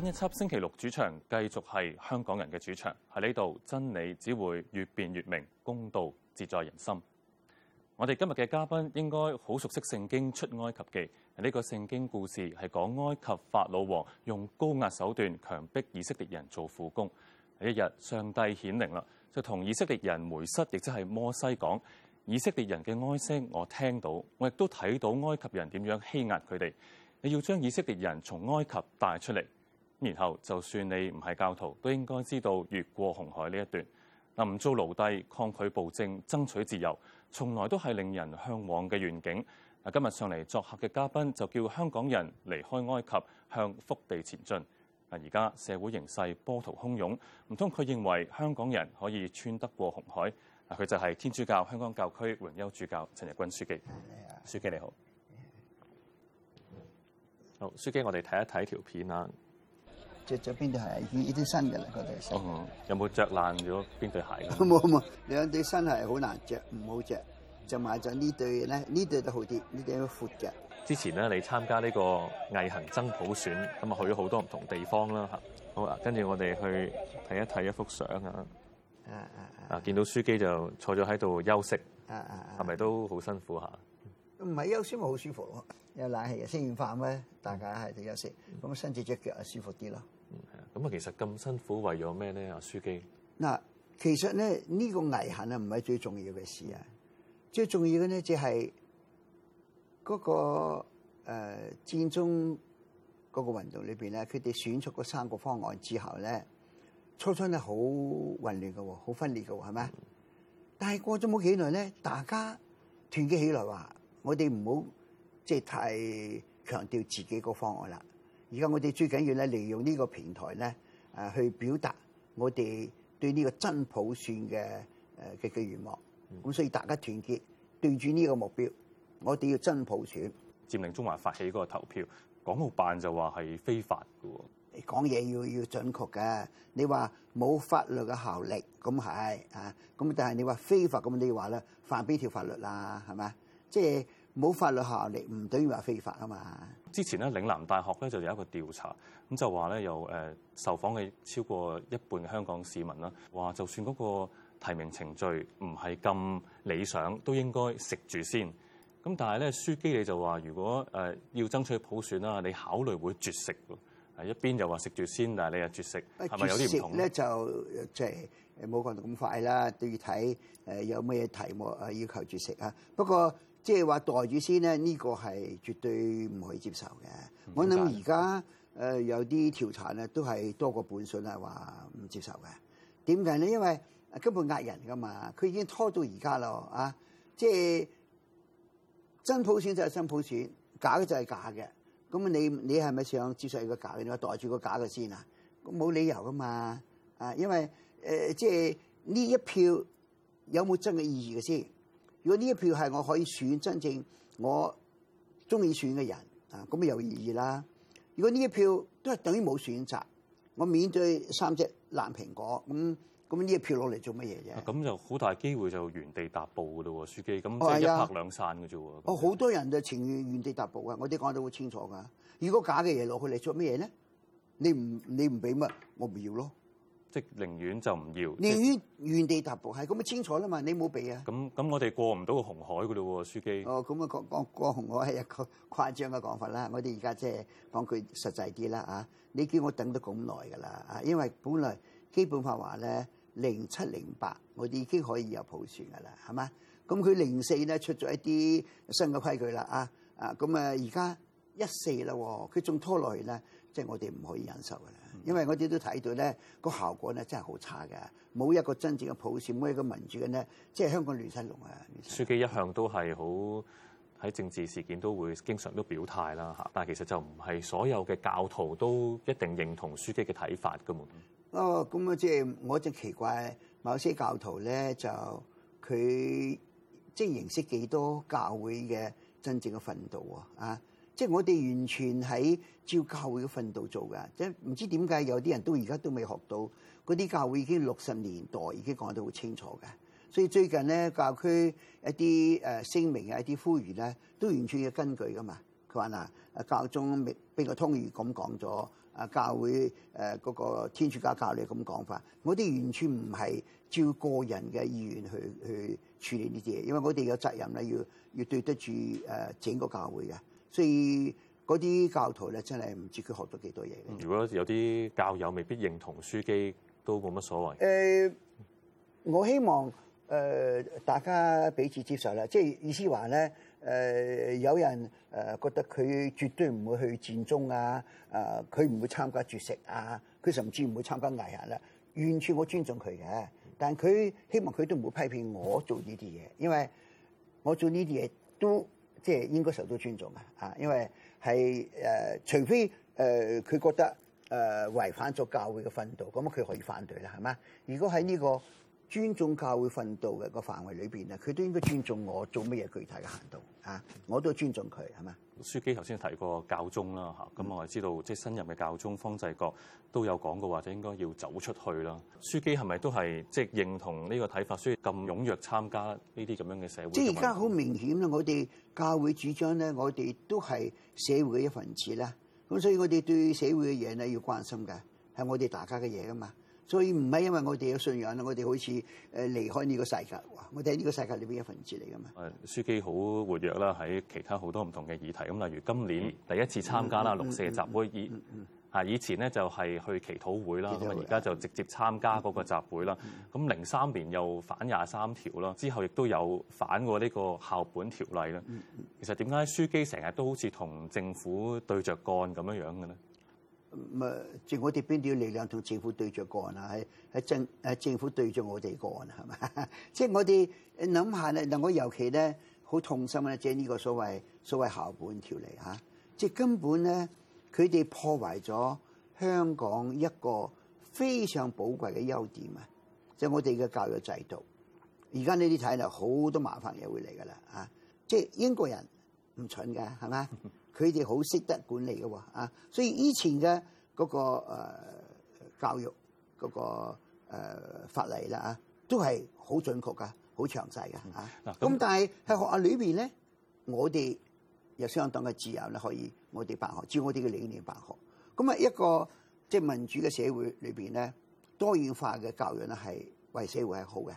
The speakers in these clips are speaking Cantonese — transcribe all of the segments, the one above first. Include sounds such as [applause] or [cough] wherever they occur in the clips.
新一輯星期六主場繼續係香港人嘅主場，喺呢度，真理只會越變越明，公道自在人心。我哋今日嘅嘉賓應該好熟悉《聖經出埃及記》，呢個聖經故事係講埃及法老王用高壓手段強迫以色列人做苦工。一日，上帝顯靈啦，就同以色列人梅瑟亦即係摩西講：以色列人嘅哀聲我聽到，我亦都睇到埃及人點樣欺壓佢哋。你要將以色列人從埃及帶出嚟。然後，就算你唔係教徒，都應該知道越過紅海呢一段。嗱，唔做奴隸，抗拒暴政，爭取自由，從來都係令人嚮往嘅願景。嗱，今日上嚟作客嘅嘉賓就叫香港人離開埃及，向福地前進。嗱，而家社會形勢波濤洶湧，唔通佢認為香港人可以穿得過紅海？嗱，佢就係天主教香港教區榮休主教陳日君樞機。樞機你好，好樞機，我哋睇一睇條片啊！着咗邊對鞋？已經新嘅啦，嗰對新、嗯。嗯，有冇着爛咗邊對鞋？冇冇， [laughs] 兩對新鞋難好難着，唔好着，就買咗呢對咧。呢對都好啲，呢對闊嘅。之前咧，你參加呢個毅行爭普選，咁啊去咗好多唔同地方啦，吓，好啦，啊，跟住我哋去睇一睇一幅相啊。啊啊啊！啊，啊，見到樞機就坐咗喺度休息。啊係咪？啊、都好辛苦吓啊？唔係休息，咪好舒服有冷氣，食完飯咩？大家喺度休息，咁伸住隻腳啊，舒服啲咯。咁啊，其實咁辛苦為咗咩咧？阿書記，嗱，其實咧，呢個危險啊，唔係最重要嘅事啊，最重要嘅咧就係嗰個誒戰中嗰個運動裏邊咧，佢哋選出嗰三個方案之後咧，初初咧好混亂嘅喎，好分裂嘅喎，係咪？嗯、但係過咗冇幾耐咧，大家團結起來話，我哋唔好即係太強調自己個方案啦。而家我哋最緊要咧，利用呢個平台咧，誒去表達我哋對呢個真普選嘅誒嘅嘅願望。咁、呃嗯、所以大家團結，對住呢個目標，我哋要真普選。佔領中環發起嗰個投票，港澳辦就話係非法㗎喎。講嘢要要準確嘅，你話冇法律嘅效力，咁係啊，咁但係你話非法，咁你話咧犯邊條法律啦？係咪？即係冇法律效力，唔等於話非法啊嘛。之前咧，嶺南大學咧就有一個調查，咁就話咧，由、呃、誒受訪嘅超過一半香港市民啦，話就算嗰個提名程序唔係咁理想，都應該食住先。咁但係咧，樞機你就話，如果誒、呃、要爭取普選啦，你考慮會絕食喎。一邊又話食住先吃，但係你又絕食，係咪絕食有啲唔同咧？就即係冇講得咁快啦，都要睇誒有咩題目啊要求絕食啊。不過。即係話袋住先咧，呢、呢個係絕對唔可以接受嘅。嗯、我諗而家誒有啲調查咧，都係多過半數係話唔接受嘅。點解咧？因為、啊、根本呃人噶嘛，佢已經拖到而家咯啊！即、啊、係、就係、真普選就係真普選，假嘅就係假嘅。咁你你係咪想接受一個假嘅？你話袋住個假嘅先啊？冇理由噶嘛啊，啊！因為誒即係呢一票有冇真嘅意義嘅先？如果呢一票係我可以選真正我中意選嘅人啊，咁啊有意義啦。如果呢一票都係等於冇選擇，我面對三隻爛蘋果，咁咁呢一票攞嚟做乜嘢嘅？咁、啊、就好大機會就原地踏步噶咯喎，書記。咁即係一拍兩散嘅啫喎。哦，好、啊、就多人就情願原地踏步嘅，我哋講得好清楚㗎。如果假嘅嘢落去嚟做乜嘢咧？你唔你唔俾乜，我唔要咯。即係寧願就唔要，寧願原地踏步係咁樣清楚啦嘛，你冇俾啊？咁咁我哋過唔到個紅海噶咯喎，書記。哦，咁啊講講過紅海係一個誇張嘅講法啦，我哋而家即係講句實際啲啦嚇，你叫我等咗咁耐㗎啦嚇，因為本來基本法話咧零七零八我哋已經可以有普選㗎啦，係嘛？咁佢零四咧出咗一啲新嘅規矩啦啊啊，咁啊而家一四啦喎，佢、啊、仲拖落去咧，即、就、係、是、我哋唔可以忍受㗎。因為我哋都睇到咧，個效果咧真係好差嘅，冇一個真正嘅普選，冇一個民主嘅咧，即係香港亂曬龍啊！樞機一向都係好喺政治事件都會經常都表態啦嚇，但係其實就唔係所有嘅教徒都一定認同樞機嘅睇法㗎嘛。哦，咁啊、就是，即係我就奇怪，某些教徒咧就佢即係認識幾多教會嘅真正嘅訓導啊？啊～即係我哋完全喺照教會嘅訓導做嘅，即係唔知點解有啲人都而家都未學到嗰啲教會已經六十年代已經講得好清楚嘅。所以最近咧教區一啲誒、呃、聲明啊、一啲呼籲咧，都完全要根據㗎嘛。佢話嗱，啊、呃、教宗未比個通儒咁講咗啊，教會誒嗰個天主教教理咁講法，我哋完全唔係照個人嘅意願去去處理呢啲嘢，因為我哋有責任咧，要要對得住誒、呃、整個教會嘅。所以嗰啲教徒咧，真係唔知佢學咗幾多嘢。如果有啲教友未必認同樞機，都冇乜所謂。誒、呃，我希望誒、呃、大家彼此接受啦。即係意思話咧，誒、呃、有人誒、呃、覺得佢絕對唔會去佔中啊，誒佢唔會參加絕食啊，佢甚至唔會參加藝行啦、啊。完全我尊重佢嘅，但係佢希望佢都唔會批評我做呢啲嘢，因為我做呢啲嘢都。即係應該受到尊重嘛？嚇，因為係誒、呃，除非誒佢、呃、覺得誒、呃、違反咗教會嘅訓導，咁佢可以反對啦，係咪？如果喺呢、這個。尊重教會訓導嘅個範圍裏邊啊，佢都應該尊重我做乜嘢具體嘅行動啊，我都尊重佢係嘛？樞機頭先提過教宗啦嚇，咁我係知道即係新任嘅教宗方濟各都有講過或者應該要走出去啦。樞機係咪都係即係認同呢個睇法，所以咁踴躍參加呢啲咁樣嘅社會？即係而家好明顯啦，我哋教會主張咧，我哋都係社會嘅一份子啦，咁所以我哋對社會嘅嘢咧要關心嘅，係我哋大家嘅嘢噶嘛。所以唔係因為我哋嘅信仰，我哋好似離開呢個世界，我哋喺呢個世界裏邊一份子嚟㗎嘛。誒，樞機好活躍啦，喺其他好多唔同嘅議題。咁例如今年第一次參加啦六四集會，以以前咧就係去祈禱會啦，咁啊而家就直接參加嗰個集會啦。咁零三年又反廿三條啦，之後亦都有反過呢個校本條例啦。其實點解樞機成日都好似同政府對着幹咁樣樣嘅咧？咪即係我哋邊啲力量同政府對着幹啊？喺喺政喺政府對着我哋幹係嘛？即係我哋諗下咧，嗱我尤其咧好痛心咧，即係呢個所謂所謂校本條例嚇，即係根本咧佢哋破壞咗香港一個非常寶貴嘅優點啊！即係我哋嘅教育制度，而家呢啲睇嚟好多麻煩嘢會嚟㗎啦啊！即係英國人唔蠢嘅係咪？ [laughs] 佢哋好識得管理嘅喎，啊，所以以前嘅嗰、那個、呃、教育嗰、那個、呃、法例啦，啊，都係好準確噶，好詳細噶，啊、嚇、嗯。咁、嗯、但係喺學校裏邊咧，我哋有相當嘅自由咧，可以我哋辦學，照我哋嘅理念辦學。咁啊，一個即係、就是、民主嘅社會裏邊咧，多元化嘅教育咧係為社會係好嘅。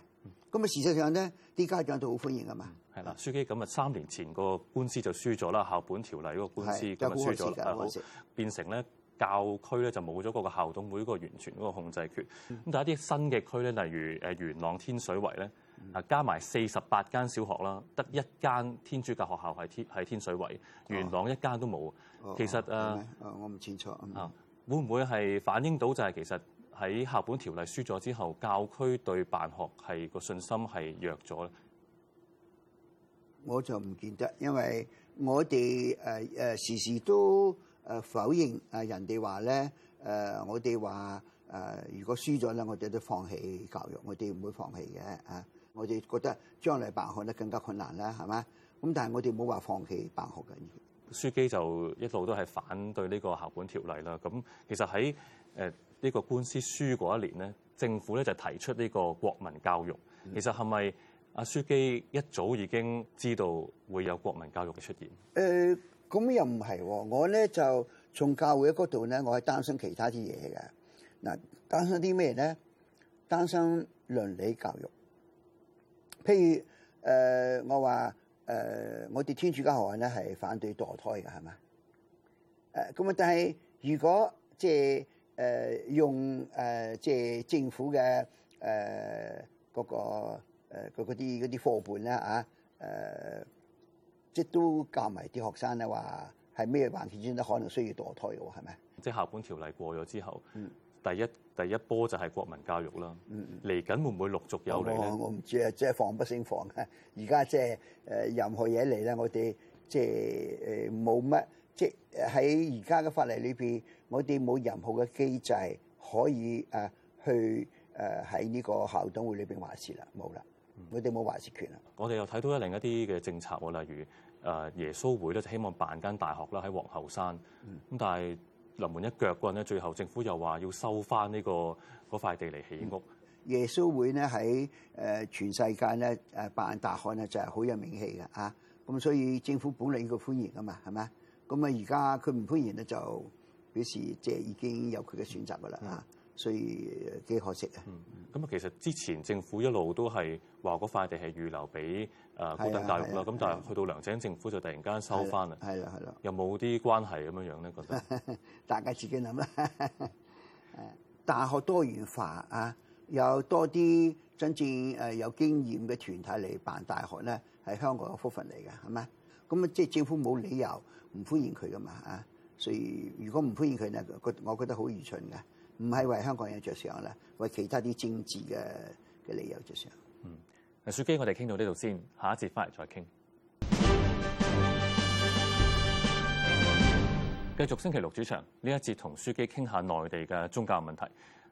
咁啊，事實上咧，啲家長都好歡迎啊嘛。嗯。係啦，樞機。咁啊，今三年前個官司就輸咗啦，校本條例嗰個官司咁啊輸咗啦，變成咧教區咧就冇咗嗰個校董會嗰個完全嗰個控制權。咁、嗯、但係一啲新嘅區咧，例如誒元朗、天水圍咧，啊、嗯、加埋四十八間小學啦，得一間天主教學校係天係天水圍，哦、元朗一間都冇。哦、其實誒，我唔清楚啊，會唔會係反映到就係其實喺校本條例輸咗之後，教區對辦學係個信心係弱咗咧？我就唔見得，因為我哋誒誒時時都誒否認啊人哋話咧誒我哋話誒如果輸咗咧，我哋都放棄教育，我哋唔會放棄嘅啊！我哋覺得將來辦學咧更加困難啦，係嘛？咁但係我哋冇話放棄辦學嘅。樞機就一路都係反對呢個校本條例啦。咁其實喺誒呢個官司輸嗰一年咧，政府咧就提出呢個國民教育，其實係咪？阿書記一早已經知道會有國民教育嘅出現。誒咁、呃、又唔係喎，我咧就從教會嗰度咧，我係擔心其他啲嘢嘅。嗱、呃，擔心啲咩咧？擔心倫理教育。譬如誒、呃，我話誒、呃，我哋天主教學校咧係反對墮胎嘅，係咪？誒咁啊！但係如果即係誒用誒即係政府嘅誒嗰個。誒嗰啲啲課本啦，啊，誒、呃、即係都教埋啲學生咧話係咩環境先得，可能需要墮胎嘅喎，係咪？即係校本條例過咗之後，嗯、第一第一波就係國民教育啦。嚟緊、嗯嗯、會唔會陸續有嚟咧？我唔知啊，即係防不勝防。啊！而家即係誒任何嘢嚟咧，我哋即係誒冇乜，即係喺而家嘅法例裏邊，我哋冇任何嘅機制可以誒、呃、去誒喺呢個校董會裏邊話事啦，冇啦。佢哋冇話事權啊！我哋又睇到咧另一啲嘅政策喎，例如誒耶穌會咧就希望辦一間大學啦喺皇后山，咁、嗯、但係臨門一腳棍，咧，最後政府又話要收翻呢、這個嗰塊地嚟起屋、嗯。耶穌會咧喺誒全世界咧誒辦大學咧就係好有名氣嘅啊！咁所以政府本嚟應該歡迎吖嘛，係咪？咁啊而家佢唔歡迎咧，就表示即係已經有佢嘅選擇嘅啦啊！嗯。所以幾可惜啊！咁啊、嗯，其實之前政府一路都係話嗰塊地係預留俾誒高等大學啦。咁、啊啊啊啊、但係去到梁振英政府就突然間收翻啦。係啦、啊，係啦、啊，有冇啲關係咁樣樣咧，覺得 [laughs] 大家自己諗啦。 [laughs] 大學多元化啊，有多啲真正誒有經驗嘅團體嚟辦大學咧，係香港嘅福分嚟嘅，係咪？咁啊，即係政府冇理由唔歡迎佢噶嘛啊！所以如果唔歡迎佢咧，我覺得好愚蠢嘅。唔係為香港人着想咧，為其他啲政治嘅嘅理由着想。嗯，阿樞機，我哋傾到呢度先，下一節翻嚟再傾。嗯、繼續星期六主場呢一節，同樞機傾下內地嘅宗教問題。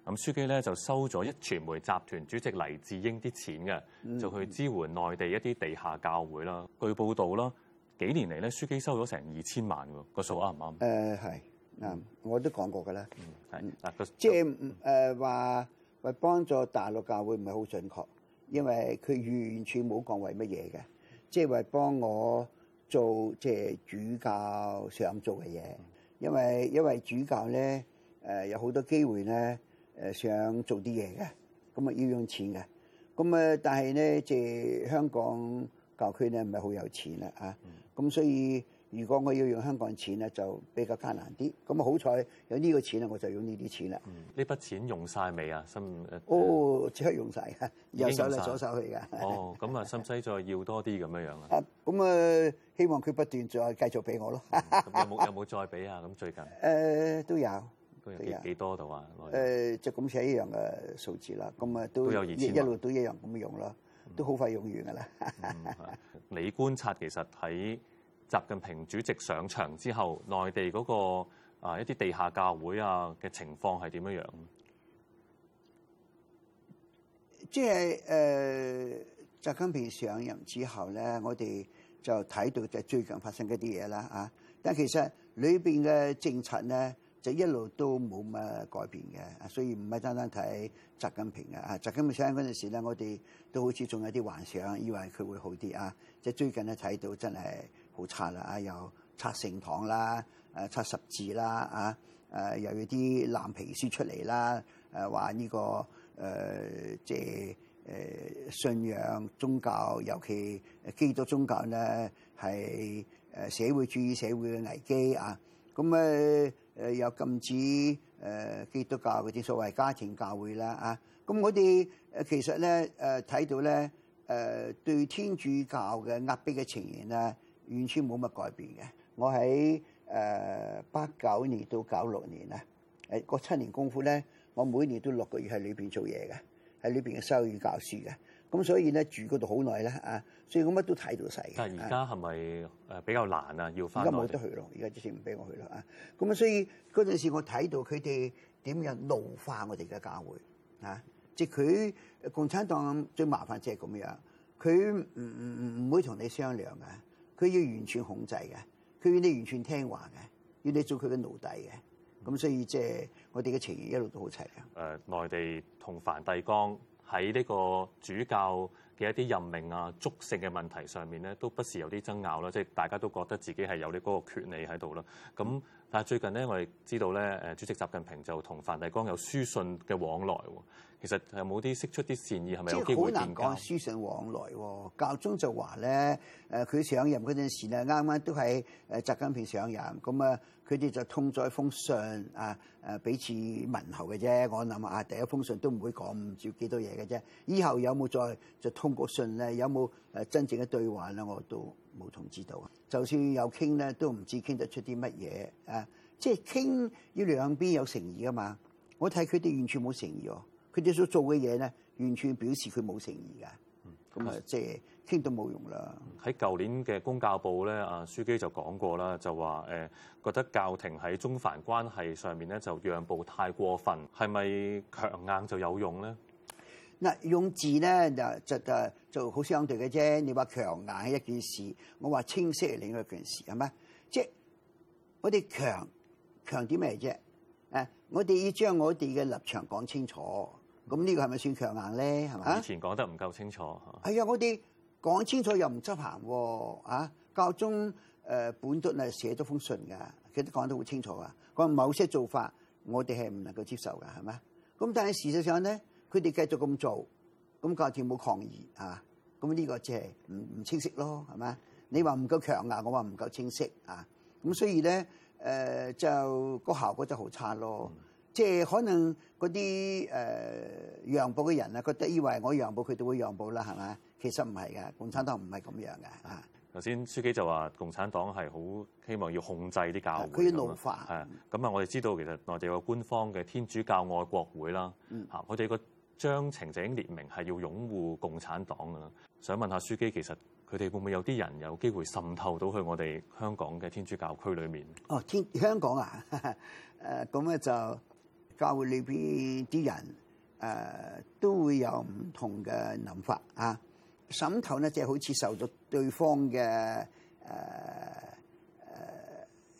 咁樞機咧就收咗一傳媒集團主席黎智英啲錢嘅，就去支援內地一啲地下教會啦。嗯、據報道啦，幾年嚟咧，樞機收咗成二千萬喎，個數啱唔啱？誒、呃，係。啊、嗯！我都講過㗎啦，即係誒話為幫助大陸教會唔係好準確，因為佢完全冇講為乜嘢嘅，即係為幫我做即係、就是、主教想做嘅嘢，嗯、因為因為主教咧誒、呃、有好多機會咧誒、呃、想做啲嘢嘅，咁啊要用錢嘅，咁啊但係咧即係香港教區咧唔係好有錢啦啊，咁、嗯、所以。如果我要用香港錢咧，就比較艱難啲。咁好彩有呢個錢咧，我就用呢啲錢啦。呢、嗯、筆錢用晒未啊？深、呃、哦，即刻用晒噶，右手嚟，左手嚟噶。哦，咁啊，使唔使再要多啲咁樣樣啊？咁啊，希望佢不斷再繼續俾我咯、嗯。有冇有冇再俾啊？咁最近誒、呃、都有，都有幾多到少啊？誒有、呃、就咁寫一樣嘅數字啦。咁啊都，都有 2, 一,一路都一樣咁用咯，都好快用完噶啦、嗯嗯。你觀察其實喺習近平主席上場之後，內地嗰、那個啊一啲地下教會啊嘅情況係點樣樣？即係誒、呃，習近平上任之後咧，我哋就睇到就最近發生嗰啲嘢啦啊。但其實裏邊嘅政策咧，就一路都冇乜改變嘅，所以唔係單單睇習近平嘅啊。習近平上嗰陣時咧，我哋都好似仲有啲幻想，以為佢會好啲啊。即係最近咧睇到真係。冇拆啦！啊，又拆聖堂啦，誒，拆十字啦，啊，誒，又有啲藍皮書出嚟啦，誒、這個，話呢個誒，即係誒，信仰宗教，尤其基督宗教咧，係誒社會主義社會嘅危機啊。咁誒誒，又禁止誒基督教嗰啲所謂家庭教會啦，啊，咁我哋誒其實咧誒睇到咧誒、呃、對天主教嘅壓迫嘅情形咧。完全冇乜改變嘅。我喺誒八九年到九六年咧，誒七年功夫咧，我每年都六個月喺裏邊做嘢嘅，喺裏邊嘅修女教書嘅。咁所以咧住嗰度好耐咧啊，所以我乜都睇到曬。但係而家係咪誒比較難啊？要翻？而家冇得去咯，而家直接唔俾我去咯啊。咁所以嗰陣時我睇到佢哋點樣奴化我哋嘅教會啊，即係佢共產黨最麻煩即係咁樣，佢唔唔唔會同你商量嘅。佢要完全控制嘅，佢要你完全聽話嘅，要你做佢嘅奴隸嘅，咁所以即係、就是、我哋嘅情誼一路都好齊嘅。誒、呃，內地同梵蒂岡喺呢個主教嘅一啲任命啊、祝聖嘅問題上面咧，都不時有啲爭拗啦，即係大家都覺得自己係有啲嗰個權利喺度啦，咁。但係最近咧，我哋知道咧，誒，主席習近平就同梵蒂岡有書信嘅往來。其實有冇啲釋出啲善意，係咪有機會建交？好難講，書信往來，教宗就話咧，誒，佢上任嗰陣時咧，啱啱都係誒習近平上任，咁啊，佢哋就通咗一封信啊，誒，彼此問候嘅啫。我諗啊，第一封信都唔會講住幾多嘢嘅啫。以後有冇再就通過信咧？有冇誒真正嘅對話咧？我都。冇從知道啊！就算有傾咧，都唔知傾得出啲乜嘢啊！即係傾要兩邊有誠意㗎嘛！我睇佢哋完全冇誠意喎，佢哋所做嘅嘢咧，完全表示佢冇誠意㗎。咁啊，即係傾都冇用啦。喺舊年嘅公教部咧，啊書記就講過啦，就話誒、呃、覺得教廷喺中梵關係上面咧就讓步太過分，係咪強硬就有用咧？嗱，用字咧就就就做好相對嘅啫。你話強硬係一件事，我話清晰係另外一件事，係咪？即係我哋強強點咩啫？誒，我哋要將我哋嘅立場講清楚。咁呢個係咪算強硬咧？係咪？以前講得唔夠清楚嚇。係啊，我哋講清楚又唔執行啊，教宗誒、呃、本篤係寫咗封信㗎，佢都講得好清楚㗎。講某些做法，我哋係唔能夠接受㗎，係咪？咁但係事實上咧。佢哋繼續咁做，咁教廷冇抗議嚇，咁、啊、呢個即係唔唔清晰咯，係咪？你話唔夠強硬，我話唔夠清晰啊！咁所以咧，誒、呃、就、個效果就好差咯。嗯、即係可能嗰啲誒讓步嘅人啊，覺得以為我讓步，佢哋會讓步啦，係咪？其實唔係嘅。共產黨唔係咁樣嘅。啊！頭先書記就話共產黨係好希望要控制啲教會咁啊，係咁啊！他這我哋知道其實內地有個官方嘅天主教愛國會啦，嚇，佢哋個。章程裏列明係要擁護共產黨嘅，想問下樞機，其實佢哋會唔會有啲人有機會滲透到去我哋香港嘅天主教區裡面？哦，天，香港啊，誒、 [laughs] 呃，咁咧就教會裏邊啲人誒、呃、都會有唔同嘅諗法啊，滲透咧即係好似受咗對方嘅誒誒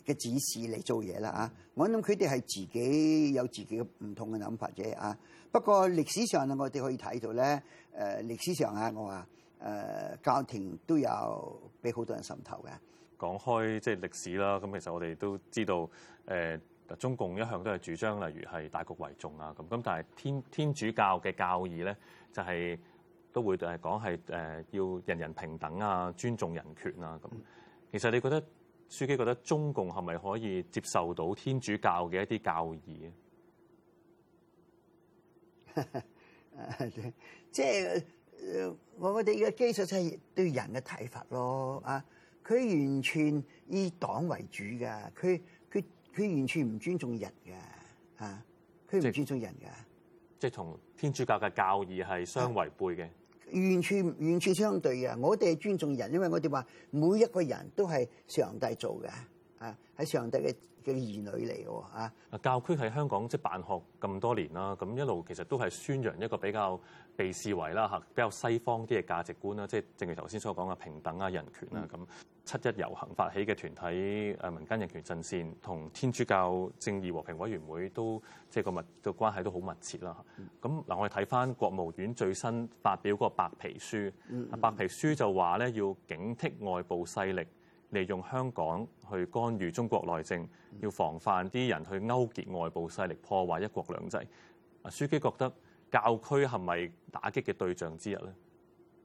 嘅指示嚟做嘢啦啊，我諗佢哋係自己有自己嘅唔同嘅諗法啫啊。不過歷史上咧，我哋可以睇到咧，誒歷史上啊，我話誒教廷都有俾好多人滲透嘅。講開即係歷史啦，咁其實我哋都知道，誒中共一向都係主張，例如係大局為重啊咁。咁但係天天主教嘅教義咧、就是，就係都會誒講係誒要人人平等啊，尊重人權啊咁。其實你覺得書記覺得中共係咪可以接受到天主教嘅一啲教義？即係、 [laughs] 就是、我哋嘅基礎係對人嘅睇法咯啊，佢完全以黨為主噶，佢佢佢完全唔尊重人噶啊，佢唔尊重人噶，即係同天主教嘅教義係相違背嘅、啊，完全完全相對噶。我哋係尊重人，因為我哋話每一個人都係上帝做嘅。誒喺上帝嘅嘅兒女嚟嘅喎嚇，教區喺香港即係、就是、辦學咁多年啦，咁一路其實都係宣揚一個比較被視為啦嚇比較西方啲嘅價值觀啦，即、就、係、是、正如頭先所講嘅平等啊、人權啊，咁、嗯、七一遊行發起嘅團體誒民間人權陣線同天主教正義和平委員會都即係、就是、個密個關係都好密切啦嚇。咁嗱、嗯，我哋睇翻國務院最新發表嗰個白皮書，嗯嗯白皮書就話咧要警惕外部勢力。利用香港去干預中國內政，要防範啲人去勾結外部勢力破壞一國兩制。啊，書記覺得教區係咪打擊嘅對象之一咧？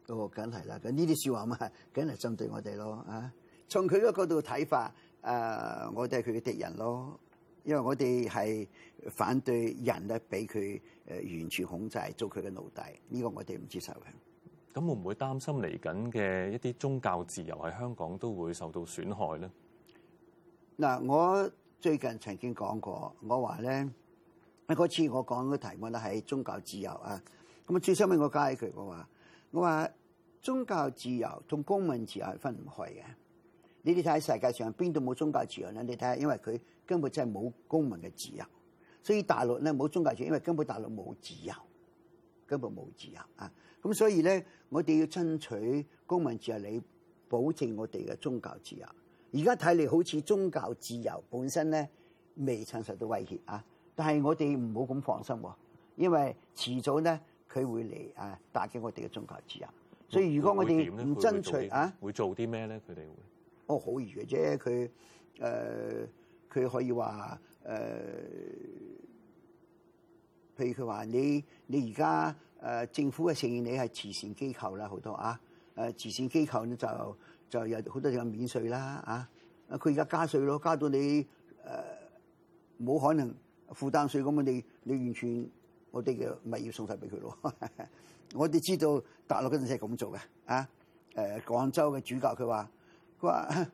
哦，梗係啦，咁呢啲説話嘛，梗係針對我哋咯啊！從佢個角度睇法，誒、呃，我哋係佢嘅敵人咯，因為我哋係反對人咧俾佢誒完全控制，做佢嘅奴隸，呢、這個我哋唔接受嘅。咁會唔會擔心嚟緊嘅一啲宗教自由喺香港都會受到損害咧？嗱，我最近曾經講過，我話咧，喺嗰次我講嘅題目咧係宗教自由啊。咁啊，最上面我加起佢我話，我話宗教自由同公民自由係分唔開嘅。你哋睇世界上邊度冇宗教自由咧？你睇下，因為佢根本真係冇公民嘅自由，所以大陸咧冇宗教自由，因為根本大陸冇自由，根本冇自由啊！咁所以咧，我哋要爭取公民自由，嚟保證我哋嘅宗教自由。而家睇嚟好似宗教自由本身咧未曾受到威脅啊，但係我哋唔好咁放心喎，因為遲早咧佢會嚟啊打擊我哋嘅宗教自由。所以如果我哋唔爭取啊，會做啲咩咧？佢哋會哦，好易嘅啫。佢誒，佢、呃、可以話誒。呃譬如佢話，你你而家誒政府嘅承認你係慈善機構啦，好多啊誒、啊啊、慈善機構咧就就有好多嘢免稅啦。啊啊佢而家加稅咯，加到你誒冇、呃、可能負擔稅，咁你你完全我哋嘅物業送曬俾佢咯。我哋知道大陸嗰陣時係咁做嘅啊誒、呃、廣州嘅主教佢話，佢話，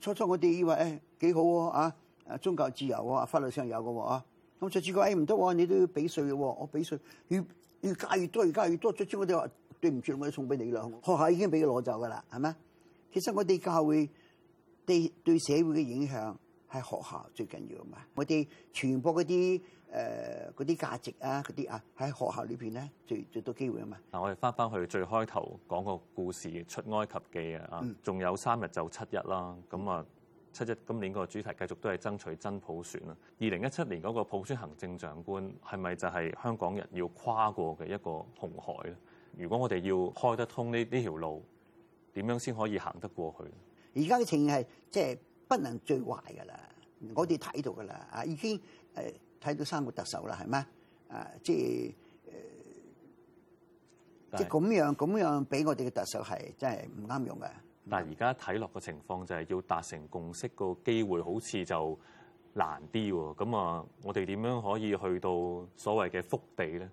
初初我哋以為誒幾好喎啊，啊宗教自由啊，法律上有嘅喎啊我就只講誒唔得喎，你都要俾稅嘅喎，我俾稅越越加越多，越加越多，最終我哋話對唔住，我哋送俾你啦。學校已經俾佢攞走㗎啦，係咪？其實我哋教會對對社會嘅影響係學校最緊要啊嘛，我哋傳播嗰啲誒嗰啲價值啊嗰啲啊喺學校裏邊咧最最多機會啊嘛。嗱，我哋翻返去最開頭講個故事《出埃及記》啊，仲有三日就七一啦，咁啊。七一今年個主題繼續都係爭取真普選啦。二零一七年嗰個普選行政長官係咪就係香港人要跨過嘅一個紅海咧？如果我哋要開得通呢呢條路，點樣先可以行得過去？而家嘅情形係即係不能最壞㗎喇。我哋睇到㗎喇啊，已經誒睇到三個特首啦，係咩？啊？即係誒，呃、是即係咁樣咁樣俾我哋嘅特首係真係唔啱用嘅。但係而家睇落個情況就係要達成共識個機會好似就難啲喎，咁啊，我哋點樣可以去到所謂嘅福地咧？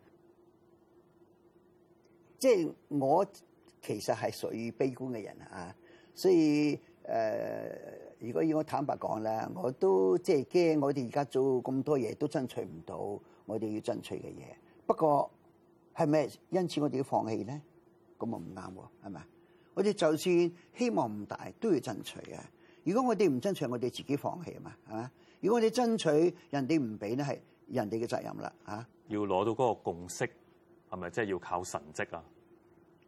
即係我其實係屬於悲觀嘅人啊，所以誒、呃，如果要我坦白講啦，我都即係驚我哋而家做咁多嘢都爭取唔到我哋要爭取嘅嘢。不過係咪因此我哋要放棄咧？咁啊唔啱喎，係咪？我哋就算希望唔大，都要爭取啊！如果我哋唔爭取，我哋自己放棄啊嘛，係嘛？如果我哋爭取，人哋唔俾咧，係人哋嘅責任啦，嚇！要攞到嗰個共識，係咪即係要靠神蹟啊？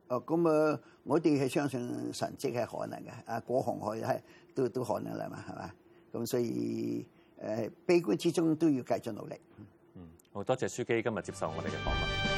哦，咁啊，我哋係相信神蹟係可能嘅，啊，過紅海係都都可能啦嘛，係嘛？咁所以誒、呃，悲觀之中都要繼續努力。嗯，好多謝樞機今日接受我哋嘅訪問。